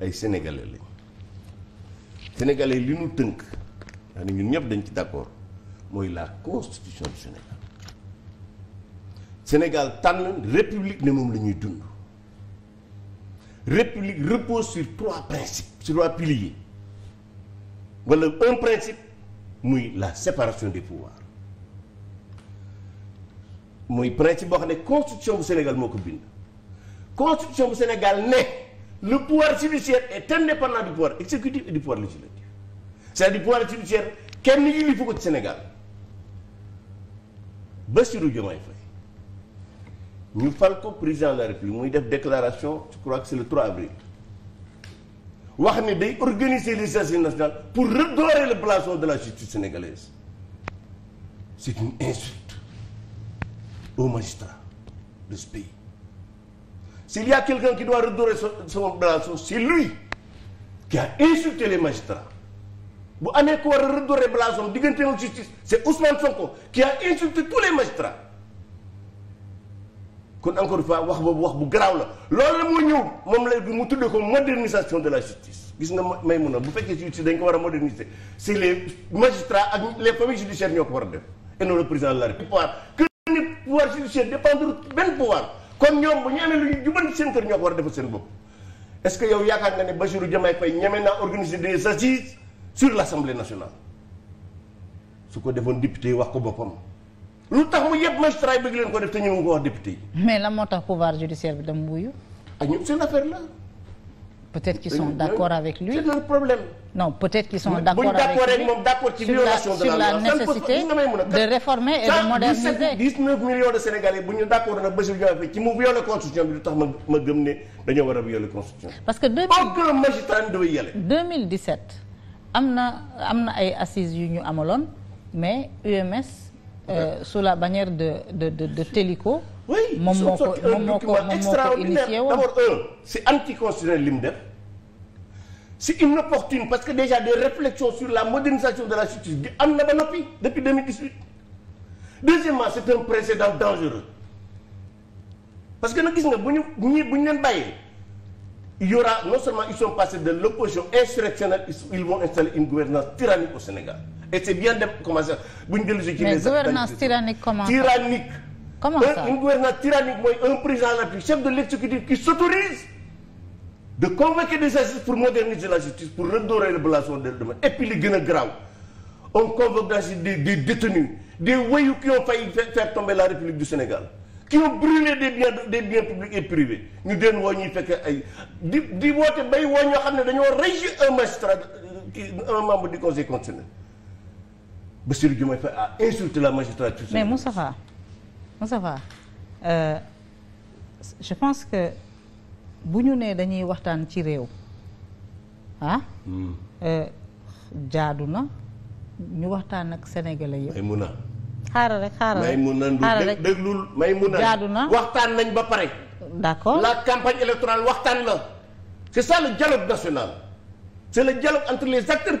ay sénégalais lañ sénégalais li ñu tënk yaa ne ñun ñëpp dañ ci d'accord mooy la constitution du Sénégal Sénégal tànn république ne moom lañuy ñuy dund république repose sur trois principes sur trois piliers wala un principe muy la séparation des pouvoirs mooy principe boo xam ne constitution bu Sénégal moo ko bind constitution bu Sénégal ne le pouvoir judiciaire est indépendant du pouvoir exécutif et du pouvoir législatif c'est-à-dire pouvoir judiciaire kenn yilifu ko ci Sénégal Bassirou Diomaye Faye ñu fal ko président de la République muy def déclaration je crois que c'est le 3 avril wax ne day organiser les assises nationales pour redorer le blason de la justice sénégalaise c'est une insulte aux magistrats S'il y a quelqu'un qui doit redorer son blason, c'est lui qui a insulté les magistrats. bu amee ko war a redorer blason diggante ak justice c'est Ousmane Sonko qui a insulté tous les magistrats kon encore fois wax boobu wax bu garaaw la loolu la moo ñëw moom la mu tudde ko modernisation de la justice gis nga may mun a bu fekkee justice dañ ko war a moderniser c'est les magistrats ak les familles judiciaires ñoo ko war a def et non président de la République pouvoir que ni pouvoir judiciaire dépendre benn pouvoir kon ñoom bu ñu amee lu ñu jubal seen kër ñoo ko war a defal seen bopp est-ce que yow yaakaar nga ne Bassirou Diomaye Faye ñeme naa organiser des assises sur l'Assemblée nationale su ko defoon député yi wax ko boppam lu tax mu yëpp magistrat bëgg leen ko def te ñu ngi ko wax député yi. mais lan moo tax pouvoir judiciaire bi dama wuyu. ak ah, ñoom seen affaire la. peut-être qu'ils sont d'accord avec lui. Non, peut-être qu'ils sont d'accord avec lui. sur la, nécessité de réformer et de moderniser. de Sénégalais bu ñu d'accord nag Bassirou Diomaye Faye ci mu viole ma ma gëm ne dañoo war a viole parce que am na am na ay assises mais UMS euh, sous la bannière de de de de Télico. oui moom moo ko moom moo ko initié woon d'abord un c'est anticonstitutionnel li mu def c'est inopportune parce que déjà des réflexions sur la modernisation de la justice bi am na ba noppi depuis 2018 deuxièmement c'est un précédent dangereux parce que nag gis nga bu ñu ñii bu ñu leen bàyyee il y aura non seulement ils sont passés de l'opposition insurrectionnelle ils vont installer une gouvernance tyrannique au Sénégal et c'est bien de commencer bu ñu dellu si. ci les mais gouvernance tyrannique comment. tyrannique. comment ça un une gouvernance mooy un président la République chef de l'exécutif qui s'autorise de convoquer des assises pour moderniser la justice pour redorer le blason de demain et puis li gën a grave on convoque des des détenus des voyous qui ont failli faire la République du Sénégal ki ont brûlé des biens des biens publics et privés ñu den woo ñuy fekk ay di di woote bay woo ñoo xam ne dañoo rey un magistrat euh, un membre du conseil Bassirou Diomaye Faye a insulté la magistrature. mais Moustapha Moustapha euh, je pense que bu ñu nee dañuy waxtaan ci réew ah. Hmm. Euh, jaadu na ñu waxtaan ak sénégalais yëpp. Maymuna. xaaral rek xaaral rek Maymuna Ndour déglul Maymuna. jaadu na waxtaan nañ ba pare. d'accord la campagne électorale waxtaan la. c'est ça le dialogue national. c'est le dialogue entre les acteurs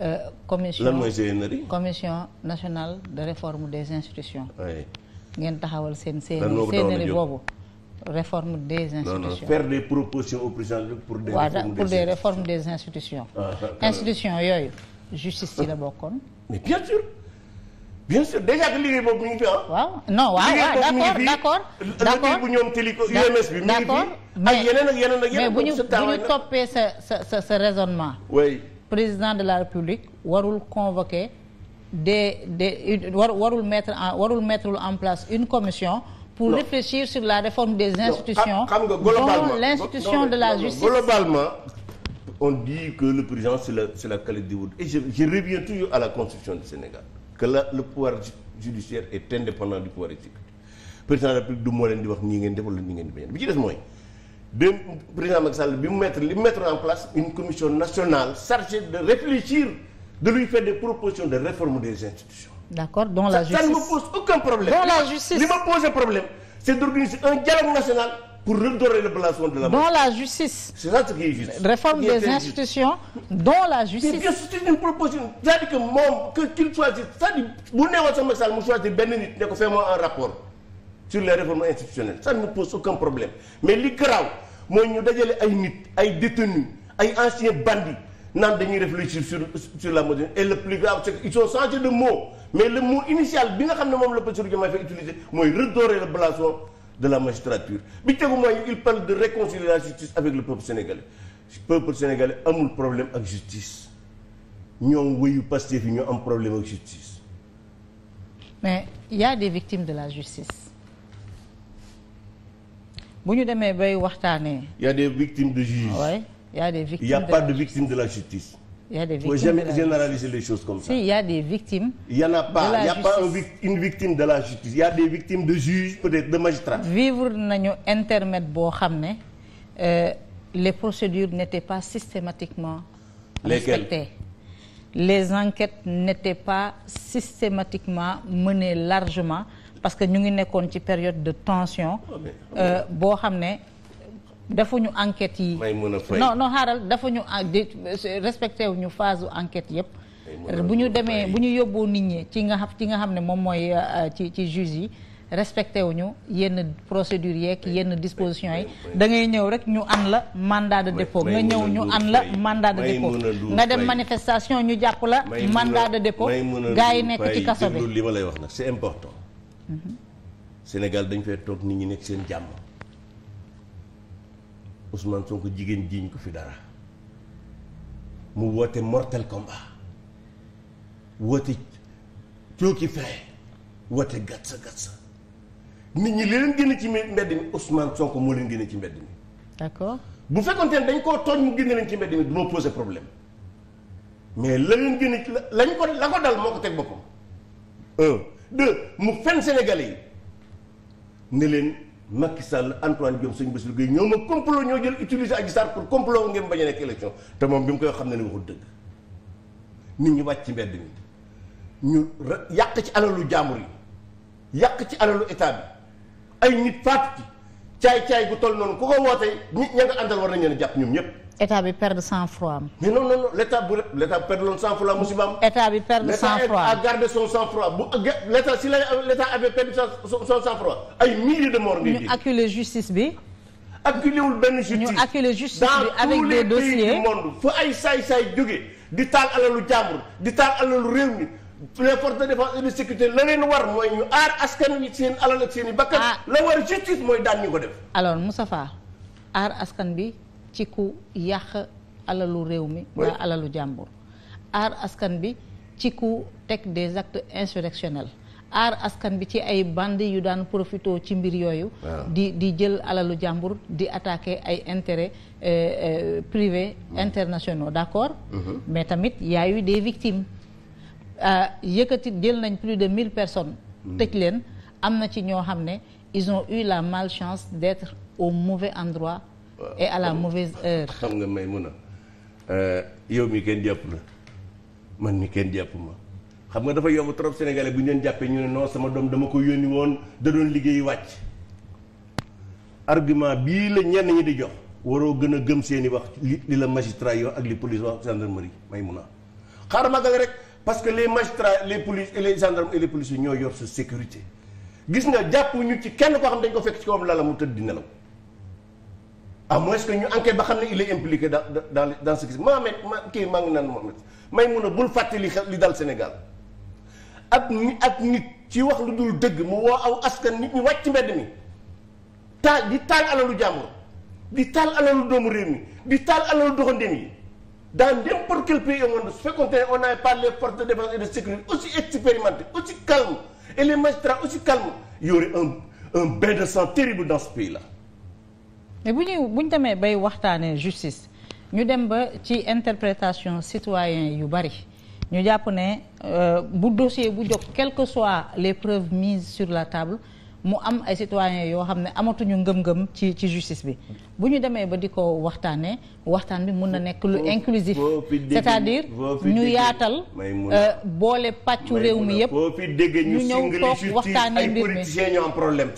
Euh, commission lan mooy CNRI commission nationale de réforme de institutions. ngeen taxawal seen. lan CNRI boobu. réforme des institutions non, non. faire au président pour des. Ouais, réformes pour des, des réformes des ah, yooyu justice yi la bokkoon. mais bien sûr. bien sûr déjà que liggéey boobu ñu ngi fi ah. waaw non waaw waaw d' accord d' accord bu ñoom téléco UMS bi. d' accord mais ak yeneen ak yeneen ak bu ñu toppee sa sa sa raisonnement. président de la république warul convoquer des des warul mettre en warul mettre en place une commission pour non. réfléchir sur la réforme des institutions ah, dont l'institution de la justice globalement on dit que le président c'est la c'est la qualité et je, je reviens toujours à la constitution du Sénégal que la le pouvoir judiciaire est indépendant du pouvoir exécutif président de la République du moo leen di wax nii ngeen def wala nii ngeen di bañ ci des mooy dem président Macky Sall mettre en place une commission nationale chargée de réfléchir de lui faire des propositions de réforme des institutions. d'accord dont la justice ça ne me pose aucun problème. c'est d'organiser un dialogue national pour redorer le blason de la. dont la justice. c'est ça ce qui la justice. mais bien proposition c'est-à-dire que moom ne ko un rapport. sur les réformes institutionnelles ça ne pose aucun problème mais li garaaw mooy ñu dajale ay nit ay détenus ay anciens bandits naan dañuy réfléchir sur sur la moderne et le plus grave c'est qu'ils ont changé de mot mais le mot initial bi nga xam ne moom la Bassirou Diomaye Faye utilisé mooy redorer le blason de la magistrature bi tegu mooy il parle de réconcilier la justice avec le peuple sénégalais peuple sénégalais amul problème ak justice ñoom wéyu Pastef yi ñoo am problème ak justice mais il y de la justice bu ñu demee bay waxtaanee. y des victimes de juge. oui des victimes. y a pas de la justice. y des victimes faut jamais généraliser les choses comme ça. si y a des victimes. de la justice y a des victimes de juge peut-être de magistrat. vivre nañu intermet boo xam ne euh, les procédures n'étaient pas systématiquement. respectées les enquêtes n'étaient pas systématiquement menées largement. parce que ñu ngi nekkoon ci période de tension ah, euh, boo xam ne ñu enquête yi non non xaaral defuñu ah, respecté wuñu phase enquête yëpp bu ñu demee bu ñu yóbboo nit ñi ci nga xam ci nga xam ne moom mooy euh, ci ci juge yi respecté wuñu yenn procédure yeek yenn dispositions yi da ngay ñëw rek ñu an la mandat de dépôt nga ñëw ñu an la mandat de dépôt nga dem manifestation ñu jàpp la mandat de dépôt gars yi nekk ci kaso bi li lay wax nag c'est important Mm-hmm. Sénégal dañ fay toog nit ñi nekk seen jàmm Ousmane Sonko jigéen jiiñ ko fi dara mu woote mortel combat woote cooki fee woote gatsa gatsa nit ñi li leen génne ci mbedd mi Ousmane Sonko moo leen génne ci mbedd mi. d'accord bu fekkonte ne dañ koo tooñ mu génne leen ci mbedd mi du ma problème mais la leen génne ci lañ ko la ko dal moo ko teg boppam un. deux mu fenn Sénégalais yi ne leen Macky Sall Antoine suñ sëñ Bassirou Gueye ñoo ma complot ñoo jël utiliser Adji Sarr pour complot ngeen bañ a nekk élection te moom bi mu koy xam ne ne waxul dëgg nit ñi wàcc ci mbedd mi ñu yàq ci alalu jaambur yi yàq ci alalu état bi ay nit faatu ci caay-caay gu toll noonu ku ko wootee nit ña nga war nañ leen jàpp ñoom ñëpp état bi perdre cent froid am. mais non non non l' état bu l' état perdre sang froid musiba am. état bi perdre froid l' état a gardé son froid bu l' état si la l' état avait perdu son sang froid ay milliers de morts. ñu acculé justice bi. acculé wul benn justice ñu acculé justice bi avec des dossiers dans tous les pays du monde fu ay saay-saay jóge di taal alalu jàmbur di taal alalu réew mi. les forces de défense et de sécurité la leen war mooy ñu aar askan wi seen alal ak seen i bakkan. Ah. la war justice mooy daan ñu ko def. alors Moustapha aar askan bi. ci ku yàq alalu réew mi waa alalu jàmbur aar askan bi ci ku teg des actes insurrectionnels aar askan bi ci ay bandi yu daan profito ci mbir yooyu di di jël alalu jàmbur di attaquer ay intérêts euh, euh, privés internationaux d'accord mhm. mais tamit yaayu a eu des victimes euh, jël nañ plus de mille personnes mhm. tëj leen am na ci ñoo xam ne ils ont eu la malchance d'être au mauvais endroit la mauvaise heure. xam nga may mun a euh, yow mi kenn jàpp la man ni kenn jàpp ma xam nga dafa yomb trop sénégalais bu ñu jàppee ñu ne non sama doom dama ko yónni woon da doon liggéey wàcc argument bii la ñenn ñi di jox waroo gën a gëm seeni wax li la magistrat yi ak li police wax gendarmerie may mun a xaaral ma rek parce que les magistrats les police et les gendarmes et les ñoo yor sa sécurité gis nga jàpp ñu ci kenn koo xam dañ ko fekk ci kawam lala mu tëdd di nelaw à moins que ñu enquête ba xam ne il est impliqué dans dans dans ce qui Mohamed ma kii may mun a bul fàtte li li dal Sénégal ak ak nit ci wax lu dul dëgg mu woo aw askan nit ñi wàcc mbedd mi taal di taal alalu jàmbur di taal alalu doomu réew mi di taal alalu doxandéem yi dans n'importe quel pays au monde su fekkoon on n'avait pas les forces de défense et de sécurité aussi expérimentées aussi calmes et les magistrats aussi calmes y aurait un un bain de sang terrible dans ce pays mais bu ñuy bu ñu demee bay waxtaanee justice ñu dem ba ci interprétation citoyen yu bari ñu jàpp ne euh, bu dossier bu jóg quelles que soient les preuves mise sur la table mu am ay citoyens yoo xam ne amatuñu ngëm-ngëm ci ci justice bi bu ñu demee ba di ko waxtaanee waxtaan bi mun na nekk lu inclusif c'est-à-dire ñu yaatal euh, boole pàccu réew mi yëpp ñu ñëw toog waxtaanee mbir mi ay politiciens ñoo am problème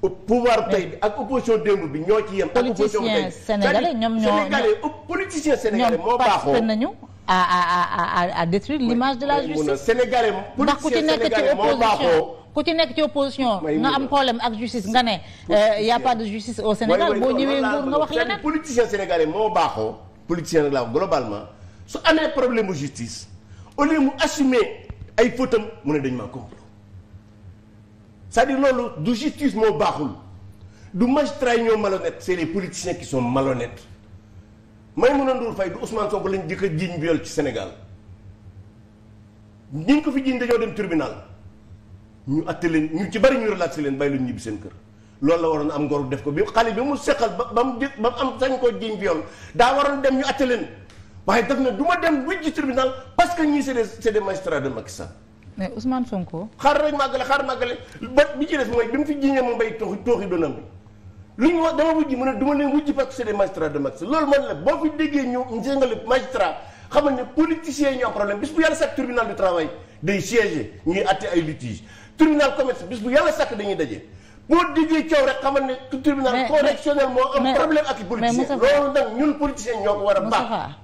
pouvoir tey bi ak opposition démb bi ñoo ci yem. ak opposition tey politiciens sénégalais ñoom ñoo sénégalais politicien sénégalais moo baaxoo ñoom nañu à à à à détruire l'image de la justice. sénégalais politicien sénégalais moo baaxoo. problème ak justice nga ne euh, y a pas de justice au Sénégal boo ñëwee wax leneen. politicien sénégalais moo baaxoo. politicien rek laa globalement su amee problème mu justice au lieu mu assumer ay fautam mu ne dañu maa ko. c'est-à-dire loolu du justice moo baaxul du magistrat yi ñoo malhonnête c'est les politiciens qui sont malhonnêtes Maïmouna Ndour Faye du Ousmane Sonko lañ jëkk a jiiñ viol ci Sénégal ñi ko fi jiiñ dañoo dem tribunal ñu atte leen ñu ci bari ñu relaxé leen bàyyi leen ñibbi seen kër loolu la waroon am ngoru def ko bi xale bi mu seqal ba ba mu ba mu am sañ koo jiiñ viol daa waroon dem ñu atte leen waaye daf na du ma dem wéj ci tribunal parce que ñii c'est des c'est de Macky Sall mais Ousmane Sonko. xaaral rek màggale xaaral màggale ba bi ci des mooy bi mu fi jiñee moom bay tooxi tooxi doonam bi lu ñu wax dama wujji mu ne duma leen wujji parce que c'est des magistrats de loolu man la boo fi déggee ñu njëngale magistrat xamal ne politiciens yi am problème bis bu yàlla sàkk dañuy daje boo déggee coow rek xamal ne tribunal correctionnel moo am problème ak i politiciens loolu nag ñun politiciens ñoo ko war a baax